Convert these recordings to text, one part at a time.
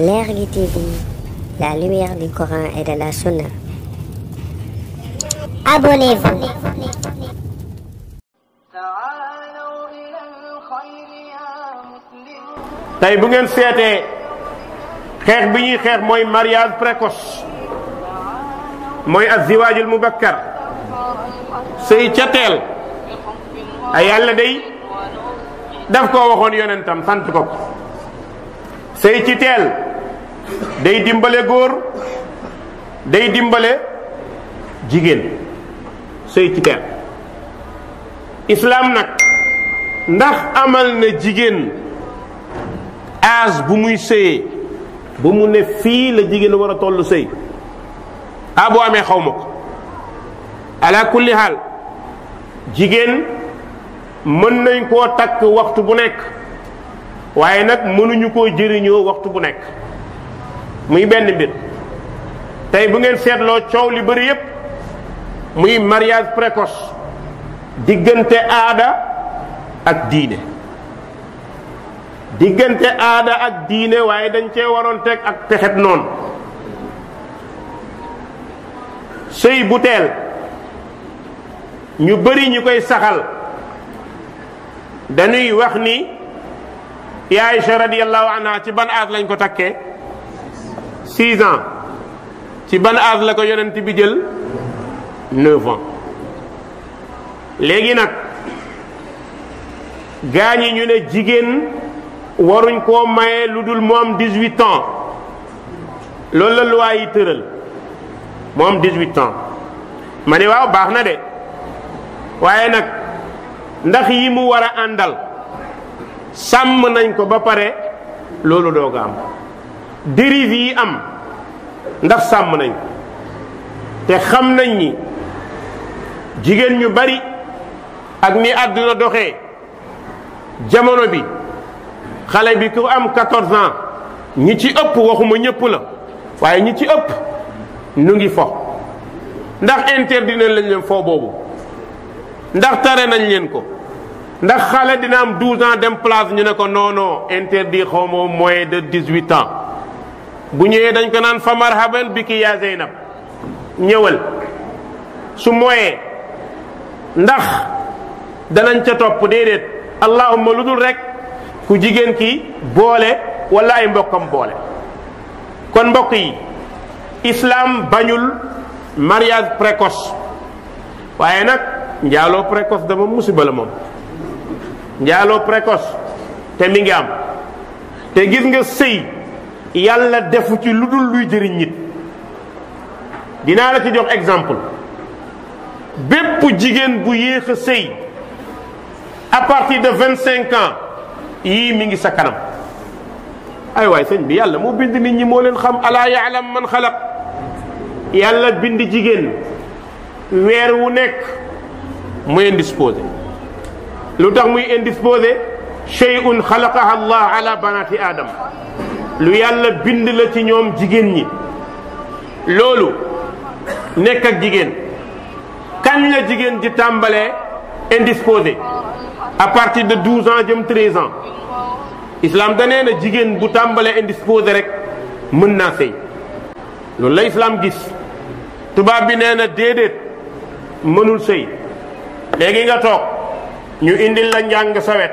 du TV, la lumière du Coran et de la Sunna. Abonnez-vous. tey bu ngeen seetee xex bi ñuy xeex moy mariage précoce mooy aziwaajul mubakkar sëy ca teel a day daf ko waxoon yonentam sant ko sey ci day dimbale góor day dimbale jigéen sëy ci islaam nag ndax amal na jigéen âge bu muy sëyee ba mu ne fii la jigéen war a toll sëy ah boo amee xaw ma ko ala kulli xaal jigéen mën nañ koo takk waxtu bu nekk waaye nag mënuñu koo jëriñoo waxtu bu nekk muy benn mbir tey bu ngeen seetloo coow li bëri yépp muy mariage précoce diggante aada ak diine diggante aada ak diine waaye dañ cee waroon teg ak pexet noonu sëy bu teel ñu bëri ñu koy saxal dañuy wax ni yaay anha ci ban aat lañ ko takkee six ans ci ban âge la ko yonent bi jël neuf ans léegi nag yi ñu ne jigéen waruñ koo maye lu dul moom dis huit ans loolu la loi yi tëral moom dix huit ans ma ne waaw baax na de waaye nag ndax yi mu war a àndal sàmm nañ ko ba pare loolu doo ko am dérive yi am ndax sàmm nañ te xam nañ ni jigéen ñu bari ak ni àdduna doxee jamono bi xale bi ku am 14 ans ñi ci ëpp waxuma ñëpp la waaye ñi ci ëpp ñu ngi fo ndax interdi nañ lañ leen foo boobu ndax tare nañ leen ko ndax xale dina am 12 ans dem place ñu ne ko non non interdit xaw ma moins de 18 bu ñëwee dañ ko naan fa marhaban biki yaa Zeynab ñëwal su mooyee ndax danañ ca topp déedéet allahumma lu dul rek ku jigéen ki boole wala ay mbokkam boole kon mbokk yi islam bañul mariage précoce waaye nag njaaloo précoce dama musiba la moom njaaloo précoce te mi ngi am te gis nga séy yàlla defu ci lu luy jëriñ nit dina la ci jox exemple bépp jigen bu yéex sëy à partir de 25 ans yi mi ngi sa kanam ay way sëñ bi yàlla mo bind nit ñi mo leen xam ala ya'lam man khalaq yàlla bind jigen wer wu nek muy indisposé lutax tax muy indisposé shay'un khalaqaha allah ala banati adam lu yàlla bind la ci ñoom jigéen ñi loolu nekk ak jigéen kañ la jigéen di tàmbalee indisposé à partir de 12 ans jëm 13 ans islam da nee na jigéen bu tàmbalee indisposé rek mën naa sëy loolu la islam gis tubaab bi nee na déedéet mënul sëy léegi nga toog ñu indi la njàng sawet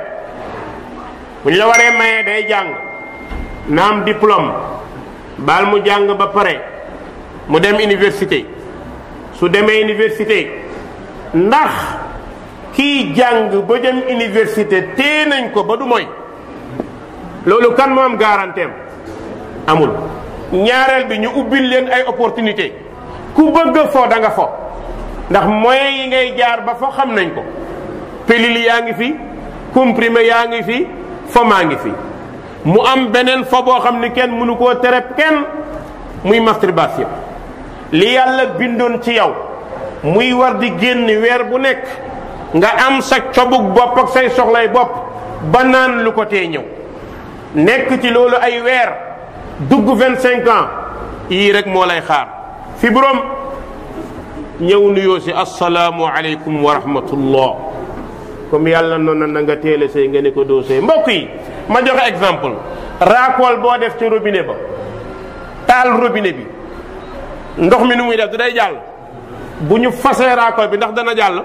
buñ la waree mayee day jàng na am bal mu jàng ba pare mu dem université su demee université ndax kiy jàng ba jëm université tee nañ ko ba du mooy loolu kan moo am amul ñaareel bi ñu ubbil leen ay opportunité ku bëgg fo da nga fo ndax moyen yi ngay jaar ba fo xam nañ ko pilil yaa ngi fi comprimé yaa ngi fi fo maa ngi fi mu am benen fa bo xamni ken munu ko koo tere kenn muy masturbation li yàlla bindon ci yaw muy war di génn wer bu nek nga am sa ciobuk bop ak say soxlay bop ba naan lu ko te ñëw nek ci lolu ay wer dug 25 ans yi rek mo lay xaar fi borom ñëw nuyo ci assalamu alaykum wa rahmatullah comme yàlla noonu na nga teel a sëy nga ne ko doo sëy mbokk yi ma joxe exemple raakool boo def ci robine ba taal robine bi ndox mi nu muy def du day jàll bu ñu fasee raakool bi ndax dana jàll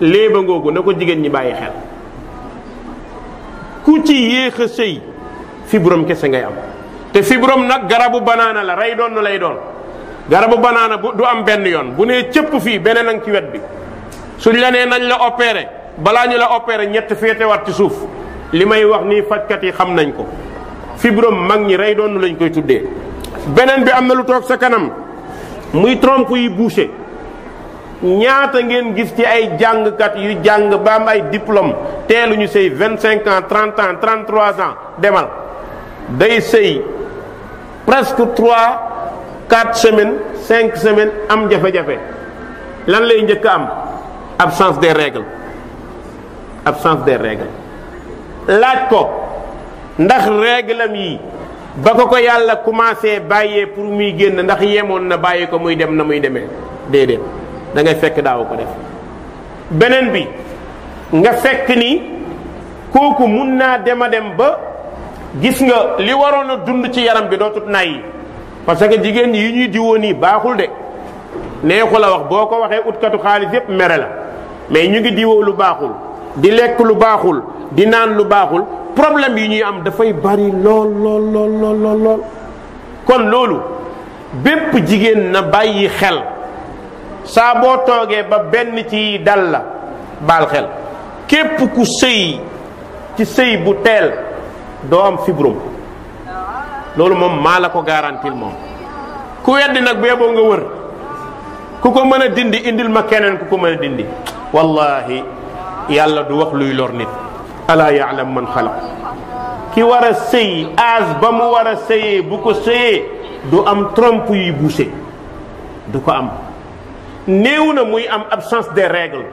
léeba ngoogu na ko jigéen ñi bàyyi xel ku ci yéex a sëy fibrom kese ngay am te fibrom nag garabu banaana la rey doon lay doon garabu banaana bu du am benn yoon bu nee cëpp fii beneen a ci wet bi suñ la nee nañ la opéré balaa ñu la opéré ñett féetewaat ci suuf wax yi xam nañ ko fibrom mag ñi rey doon lañ koy tuddee beneen bi am na lu toog sa kanam muy trompe yi bouché ñaata ngeen gis ci ay jàngkat yu jàng ba am ay diplôme teeluñu 25 ans 30 ans 33 ans demal day sey presque 3 4 semaines 5 semaines am jafe-jafe lan lay am absence des règles absence des règles laaj ko ndax réglam yi ba ko ko yàlla commencé bàyyee pour muy génn ndax yemoon na bàyyi ko muy dem na muy demee déedéet da ngay fekk daaw ko def beneen bi nga fekk nii kooku mun naa dem a dem ba gis nga li waroon a dund ci yaram bi dootut nay yi parce que jigéen yi ñuy diwoo nii baaxul de neexu la wax boo ko waxee utkatu xaalis yépp mere la mais ñu ngi diwoo lu baaxul di lekk lu baaxul di naan lu baaxul problème yi ñuy am dafay bari lool lool lool lool kon loolu bépp jigéen na bàyyi xel saa boo toogee ba benn ci dal la baal xel képp ku sëy ci sëy bu teel doo am fibrom loolu moom maa la ko garantil moom ku weddi nag bee boo nga wër ku ko mën a dindi indil ma keneen ku ko mën a dindi والله يالا دو وخ لوي لور نيت الا يعلم من خلق كي ورا سي از بامو ورا سي بوكو سي دو ام ترومب يي بوسي دوكو ام نيونا موي ام ابسانس دي ريغل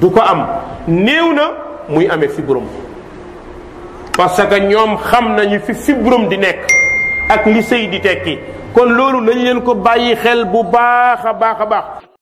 دوكو ام نيونا موي امي فيبروم باسكو نيوم خام ناني في فيبروم دي نيك اك لي سي دي تيكي كون لولو نان لين كو بايي خيل بو باخا باخا باخ